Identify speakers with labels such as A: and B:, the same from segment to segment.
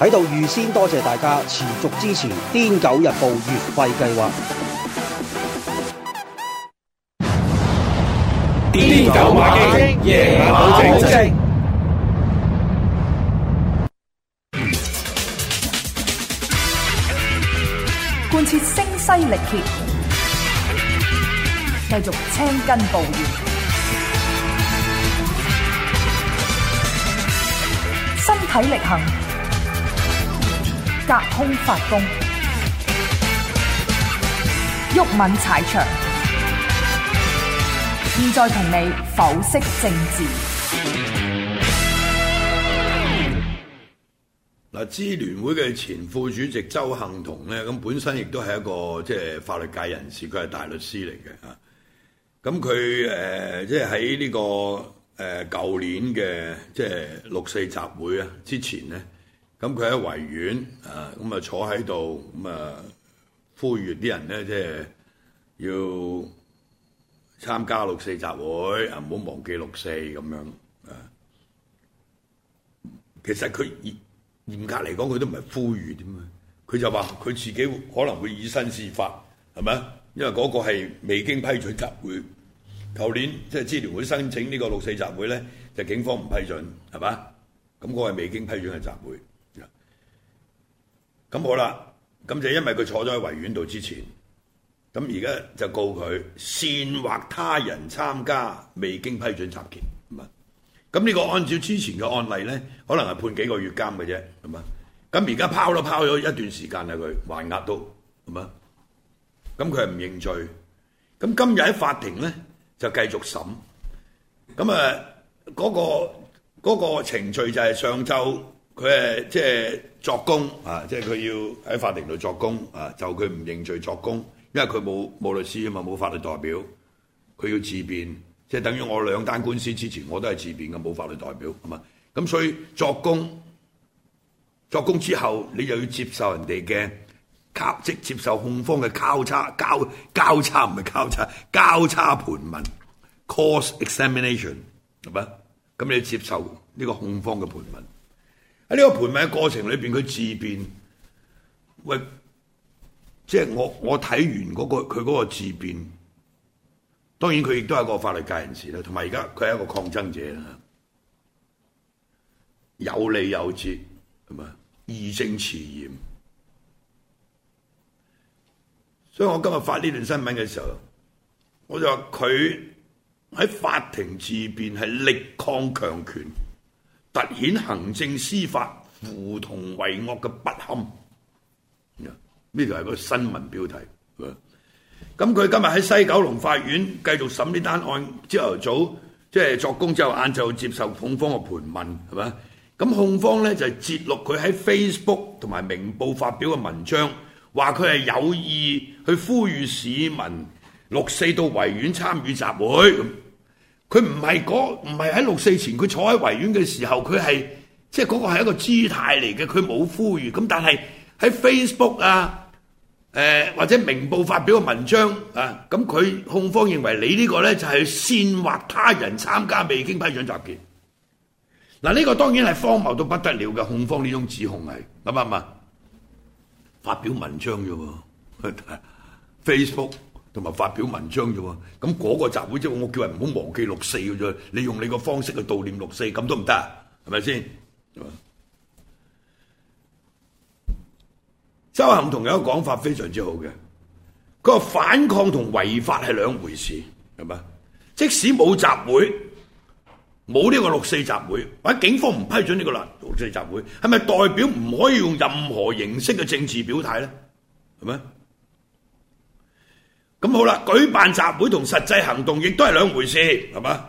A: 喺度預先多謝大家持續支持《癲狗日報月費計劃》。癲狗馬機，夜馬靜靜，貫徹聲嘶力竭，繼續青筋暴現，身體力行。隔空發功，毓民踩場，現在同你剖析政治。嗱，支聯會嘅前副主席鄒幸彤咧，咁本身亦都係一個即係法律界人士，佢係大律師嚟嘅嚇。咁佢誒即係喺呢個誒舊年嘅即係六四集會啊之前呢。咁佢喺維園，啊，咁啊坐喺度，咁啊呼籲啲人咧，即係要參加六四集會，啊，唔好忘記六四咁樣，啊，其實佢嚴格嚟講，佢都唔係呼籲，佢就話佢自己可能會以身試法，係咪？因為嗰個係未經批准集會。舊年即係支聯會申請呢個六四集會咧，就警方唔批准，係嘛？咁嗰個係未經批准嘅集會。咁好啦，咁就因為佢坐咗喺維園度之前，咁而家就告佢煽惑他人參加未經批准集結，咁啊，咁呢個按照之前嘅案例咧，可能係判幾個月監嘅啫，係嘛？咁而家拋都拋咗一段時間啦，佢還押都，係嘛？咁佢係唔認罪，咁今日喺法庭咧就繼續審，咁啊嗰個嗰個程序就係上晝。佢誒即係作供啊！即係佢要喺法庭度作供啊！就佢唔認罪作供，因為佢冇冇律師啊嘛，冇法律代表，佢要自辯，即係等於我兩單官司之前我都係自辯嘅，冇法律代表係嘛？咁所以作供，作供之後你又要接受人哋嘅交即接受控方嘅交叉交交叉唔係交叉交叉盤問 cross examination 係嘛？咁你要接受呢個控方嘅盤問。喺呢個盤問嘅過程裏邊，佢自辯，喂，即係我我睇完嗰個佢嗰個自辯，當然佢亦都係一個法律界人士啦，同埋而家佢係一個抗爭者啦，有理有節，係咪？義正辭嚴，所以我今日發呢段新聞嘅時候，我就話佢喺法庭自辯係力抗強權。凸顯行政司法護同為惡嘅不堪，呢條係個新聞標題。咁佢今日喺西九龍法院繼續審呢單案，朝頭早即係作供之後，晏晝接受控方嘅盤問，係嘛？咁控方咧就係、是、截錄佢喺 Facebook 同埋明報發表嘅文章，話佢係有意去呼籲市民六四到維園參與集會。佢唔係嗰，唔係喺六四前佢坐喺維園嘅時候，佢係即係嗰個係一個姿態嚟嘅，佢冇呼籲。咁但係喺 Facebook 啊，誒、呃、或者明報發表嘅文章啊，咁佢控方認為你呢個咧就係、是、煽惑他人參加未經批准集結。嗱、啊、呢、這個當然係荒謬到不得了嘅控方呢種指控係。諗下嘛，發表文章啫喎 ，Facebook。同埋發表文章啫喎，咁、那、嗰個集會即係我叫人唔好忘記六四嘅啫，你用你個方式去悼念六四，咁都唔得呀，係咪先？鄒幸彤有一個講法非常之好嘅，佢話反抗同違法係兩回事，係咪？即使冇集會，冇呢個六四集會，或者警方唔批准呢個啦，六四集會係咪代表唔可以用任何形式嘅政治表態咧？係咪？咁好啦，舉辦集會同實際行動亦都係兩回事，係嘛？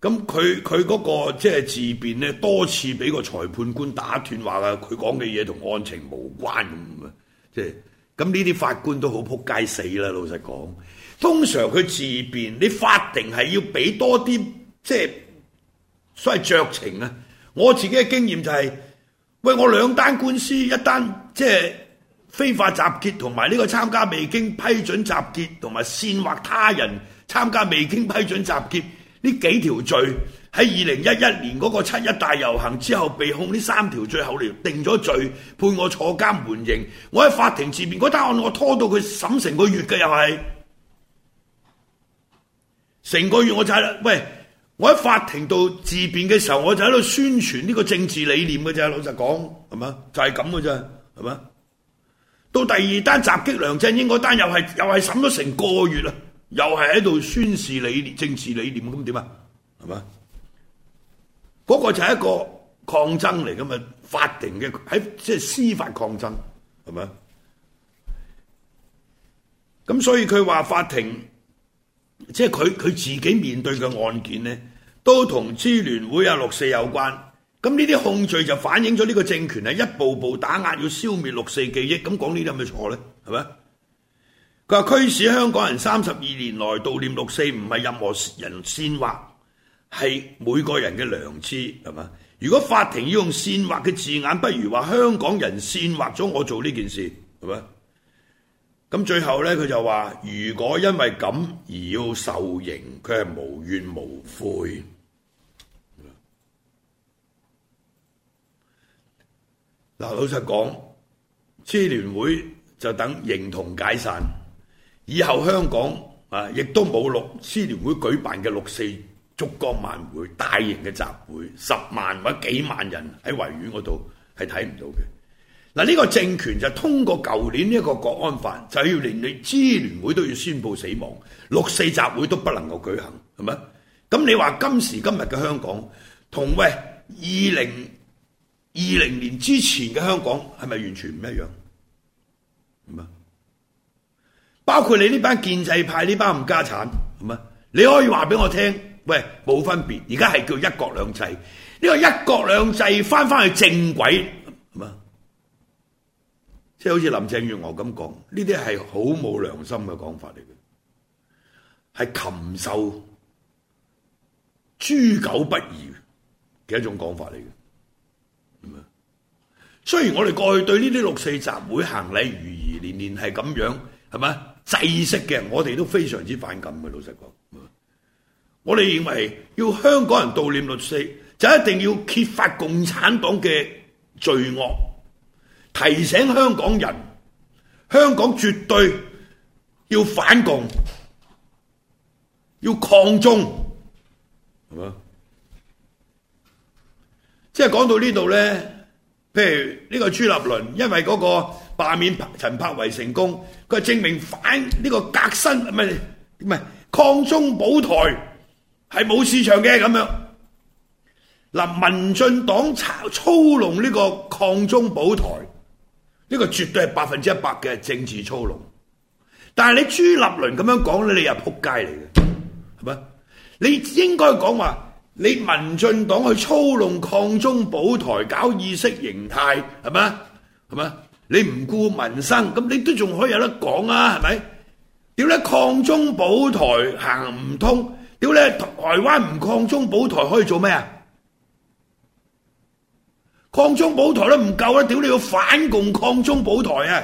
A: 咁佢佢嗰個即係、就是、自辯呢，多次俾個裁判官打斷話啊，佢講嘅嘢同案情無關咁啊！即係咁呢啲法官都好仆街死啦，老實講。通常佢自辯，你法庭係要俾多啲即係所謂酌情啊！我自己嘅經驗就係、是，喂，我兩單官司，一單即係。就是非法集結同埋呢個參加未經批准集結，同埋煽惑他人參加未經批准集結呢幾條罪，喺二零一一年嗰個七一大遊行之後，被控呢三條罪後嚟定咗罪，判我坐監緩刑。我喺法庭前面嗰單案，我拖到佢審成個月嘅又係，成個月我就係啦，喂，我喺法庭度自辯嘅時候，我就喺度宣傳呢個政治理念嘅啫。老實講，係嘛，就係咁嘅啫，係嘛。到第二單襲擊梁振英嗰單又係又係審咗成個月啦，又係喺度宣示理念、政治理念咁點啊？係嘛？嗰、那個就係一個抗爭嚟噶嘛？法庭嘅喺即係司法抗爭係嘛？咁所以佢話法庭即係佢佢自己面對嘅案件咧，都同支聯會啊、六四有關。咁呢啲控罪就反映咗呢個政權係一步步打壓，要消滅六四記憶。咁講呢啲有冇錯呢？係咪？佢話驅使香港人三十二年來悼念六四，唔係任何人煽惑，係每個人嘅良知，係嘛？如果法庭要用煽惑嘅字眼，不如話香港人煽惑咗我做呢件事，係咪？咁最後呢，佢就話如果因為咁而要受刑，佢係無怨無悔。嗱，老實講，支聯會就等形同解散，以後香港啊，亦都冇六支聯會舉辦嘅六四燭光晚會，大型嘅集會，十萬或者幾萬人喺維園嗰度係睇唔到嘅。嗱，呢個政權就通過舊年呢個國安法，就要連你支聯會都要宣布死亡，六四集會都不能夠舉行，係咪？咁你話今時今日嘅香港同喂二零？和二零年之前嘅香港係咪完全唔一樣？係嘛，包括你呢班建制派呢班冚家鏟，係嘛，你可以話俾我聽，喂，冇分別，而家係叫一國兩制。呢個一國兩制翻翻去正軌，係嘛，即係好似林鄭月娥咁講，呢啲係好冇良心嘅講法嚟嘅，係禽獸豬狗不如嘅一種講法嚟嘅。雖然我哋過去對呢啲六四集會行禮如儀，年年係咁樣，係嘛？祭式嘅，我哋都非常之反感嘅。老實講，我哋認為要香港人悼念六四，就一定要揭發共產黨嘅罪惡，提醒香港人，香港絕對要反共，要抗中，係嘛？即係講到呢度咧。譬如呢個朱立倫，因為嗰個罷免陳柏惟成功，佢係證明反呢個革新唔係唔係抗中保台係冇市場嘅咁樣。嗱，民進黨操弄呢個抗中保台，呢個絕對係百分之一百嘅政治操弄。但係你朱立倫咁樣講咧，你又仆街嚟嘅，係咪？你應該講話。你民進黨去操弄抗中保台搞意識形態，係咪啊？係咪？你唔顧民生，咁你都仲可以有得講啊？係咪？屌你抗中保台行唔通，屌你台灣唔抗中保台可以做咩啊？抗中保台都唔夠啦，屌你要反共抗中保台啊？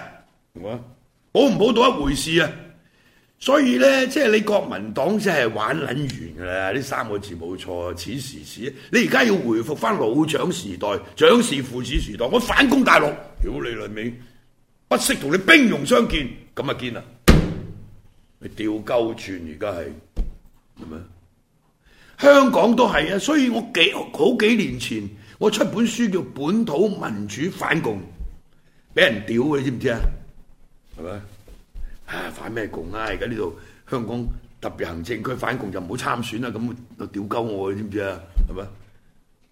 A: 保唔保到一回事啊？所以咧，即係你國民黨真係玩撚完㗎啦！呢三個字冇錯，此時此，你而家要回復翻老蔣時代、蔣氏父子時代，我反攻大陸，屌你裏面，不惜同你兵戎相見，咁啊見啦，你掉鳩串而家係係咪？香港都係啊，所以我幾好幾年前我出本書叫《本土民主反共》，俾人屌嘅，你知唔知啊？係咪？唉、啊，反咩共啊？而家呢度香港特別行政區反共就唔好參選啦，咁啊屌鳩我，你知唔知啊？係咪？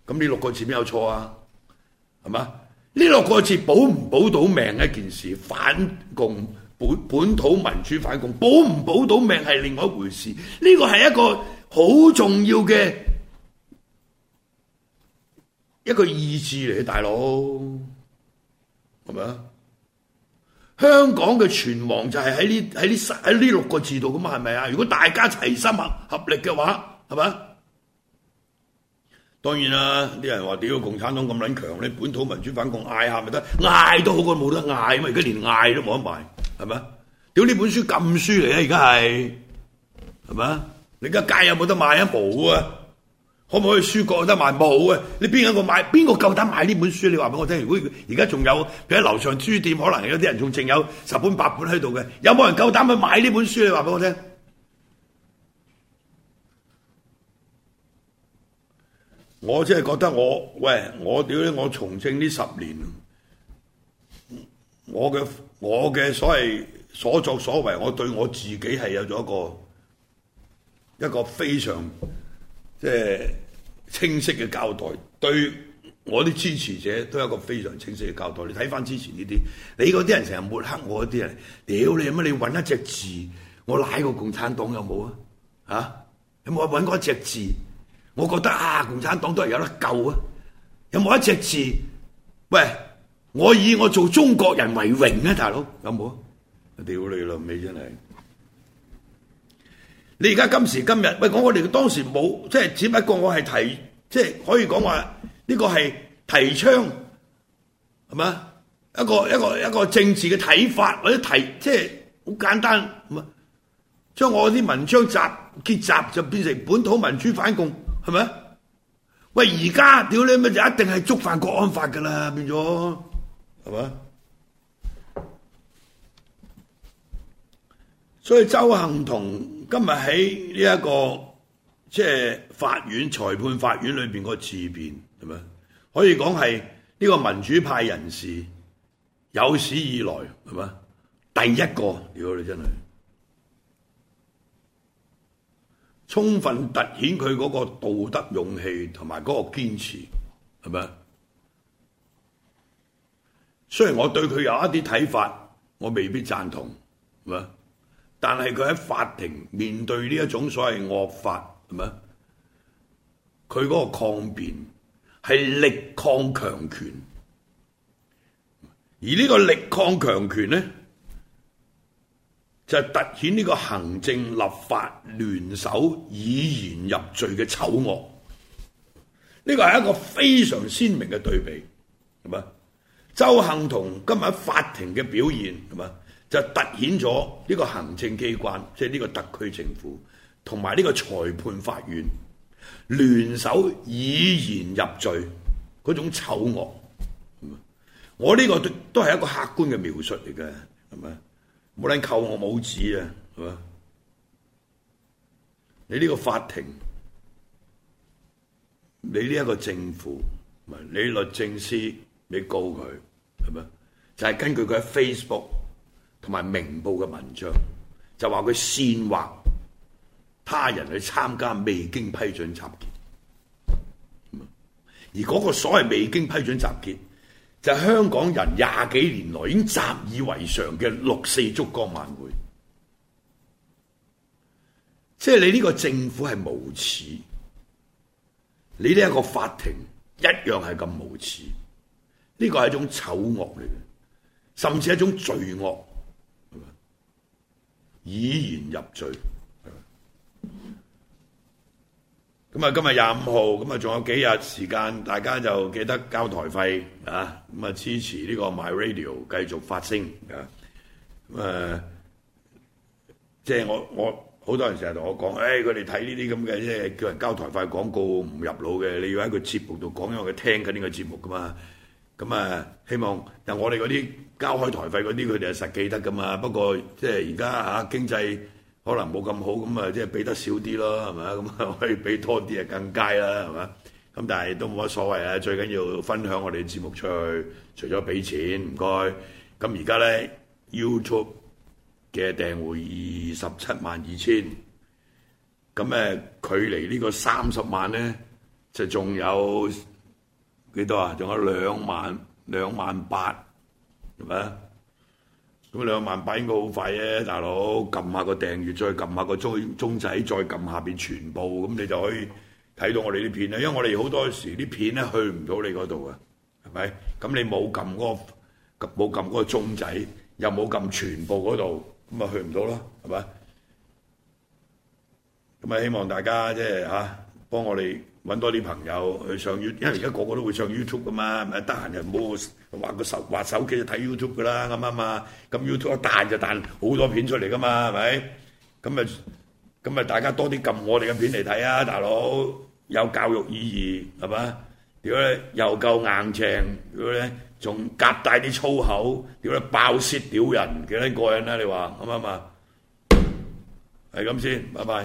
A: 咁呢六個字邊有錯啊？係嘛？呢六個字保唔保到命一件事，反共本本土民主反共保唔保到命係另外一回事。呢個係一個好重要嘅一個意志嚟，嘅。大佬係咪啊？香港嘅存亡就係喺呢喺呢喺呢六個字度㗎嘛，係咪啊？如果大家齊心合合力嘅話，係咪啊？當然啦，啲人話屌共產黨咁撚強，你本土民主反共嗌下咪得，嗌都好過冇得嗌啊！而家連嗌都冇得埋，係咪？屌呢本書禁書嚟咧，而家係，係咪？你家街有冇得賣啊？冇啊！可唔可以書角有得賣？冇啊！你邊一個買？邊個夠膽買呢本書？你話俾我聽。如果而家仲有，譬如樓上書店，可能有啲人仲剩有十本八本喺度嘅。有冇人夠膽去買呢本書？你話俾我聽。我真係覺得我喂，我屌！我從政呢十年，我嘅我嘅所謂所作所為，我對我自己係有咗一個一個非常，即係清晰嘅交代，對我啲支持者都有一個非常清晰嘅交代。你睇返之前呢啲，你嗰啲人成日抹黑我啲人，屌你有乜？你揾一隻字，我舐過共產黨有冇啊？嚇，有冇揾過一隻字？我覺得啊，共產黨都係有得救啊！有冇一隻字？喂，我以我做中國人為榮啊，大佬有冇啊你？屌你老味真係你而家今時今日，喂，講我哋當時冇，即係只不過我係提，即係可以講話呢個係提倡係嘛？一個一個一個政治嘅睇法或者提，即係好簡單，將我啲文章集結集就變成本土民主反共係咪？喂，而家屌你咪就一定係觸犯國安法㗎啦，變咗係嘛？所以鄒幸彤。今日喺呢一個即係、就是、法院裁判法院裏邊個自辯，係咪？可以講係呢個民主派人士有史以來係咪？第一個屌你真係，充分凸顯佢嗰個道德勇氣同埋嗰個堅持，係咪？雖然我對佢有一啲睇法，我未必贊同，係咪？但係佢喺法庭面對呢一種所謂惡法，係咪？佢嗰個抗辯係力抗強權，而呢個力抗強權呢，就係突顯呢個行政立法聯手以言入罪嘅醜惡。呢個係一個非常鮮明嘅對比，係嘛？鄒幸彤今日喺法庭嘅表現，係嘛？就凸顯咗呢個行政機關，即係呢個特區政府同埋呢個裁判法院聯手以言入罪嗰種醜惡。我呢個都係一個客觀嘅描述嚟嘅，係咪？冇論扣我帽子啊，係嘛？你呢個法庭，你呢一個政府，唔係你律政司，你告佢係咪？就係、是、根據佢喺 Facebook。同埋《明報》嘅文章就話佢煽惑他人去參加未經批准集結，嗯、而嗰個所謂未經批准集結，就係、是、香港人廿幾年來已經習以為常嘅六四燭光晚會，即係你呢個政府係無恥，你呢一個法庭一樣係咁無恥，呢個係一種醜惡嚟嘅，甚至係一種罪惡。以言入罪，咁啊，今日廿五號，咁啊，仲有幾日時間，大家就記得交台費啊，咁啊，支持呢個 My Radio 繼續發聲啊，咁、就、啊、是，即係我我好多人成日同我講，誒、哎，佢哋睇呢啲咁嘅，即係叫人交台費廣告唔入腦嘅，你要喺佢節目度講，因為佢聽緊呢個節目㗎嘛。咁啊，希望但我哋嗰啲交開台費嗰啲，佢哋係實記得噶嘛。不過即係而家嚇經濟可能冇咁好，咁啊即係俾得少啲咯，係咪？咁啊，可以俾多啲啊，更佳啦，係咪？咁但係都冇乜所謂啊，最緊要分享我哋嘅節目出去。除咗俾錢唔該，咁而家咧 YouTube 嘅訂戶二十七萬二千，咁誒距離呢個三十萬咧就仲有。幾多啊？仲有兩萬兩萬八，係咪啊？咁兩萬八應該好快啫，大佬撳下個訂閱，再撳下個鐘鐘仔，再撳下面全部，咁你就可以睇到我哋啲片啦。因為我哋好多時啲片咧去唔到你嗰度啊，係咪？咁你冇撳嗰個冇撳嗰個鐘仔，又冇撳全部嗰度，咁咪去唔到咯，係咪？咁啊，希望大家即係啊幫我哋。揾多啲朋友去上 YouTube，因為而家個個都會上 YouTube 噶嘛，得閒就冇畫個手畫手機就睇 YouTube 噶啦，咁啊嘛，咁 YouTube 彈就彈好多片出嚟噶嘛，係咪？咁啊咁啊，大家多啲撳我哋嘅片嚟睇啊，大佬有教育意義係嘛？屌咧又夠硬淨，屌咧仲夾帶啲粗口，屌咧爆舌屌人幾多過人啊？你話啱唔啱啊？係咁先，拜拜。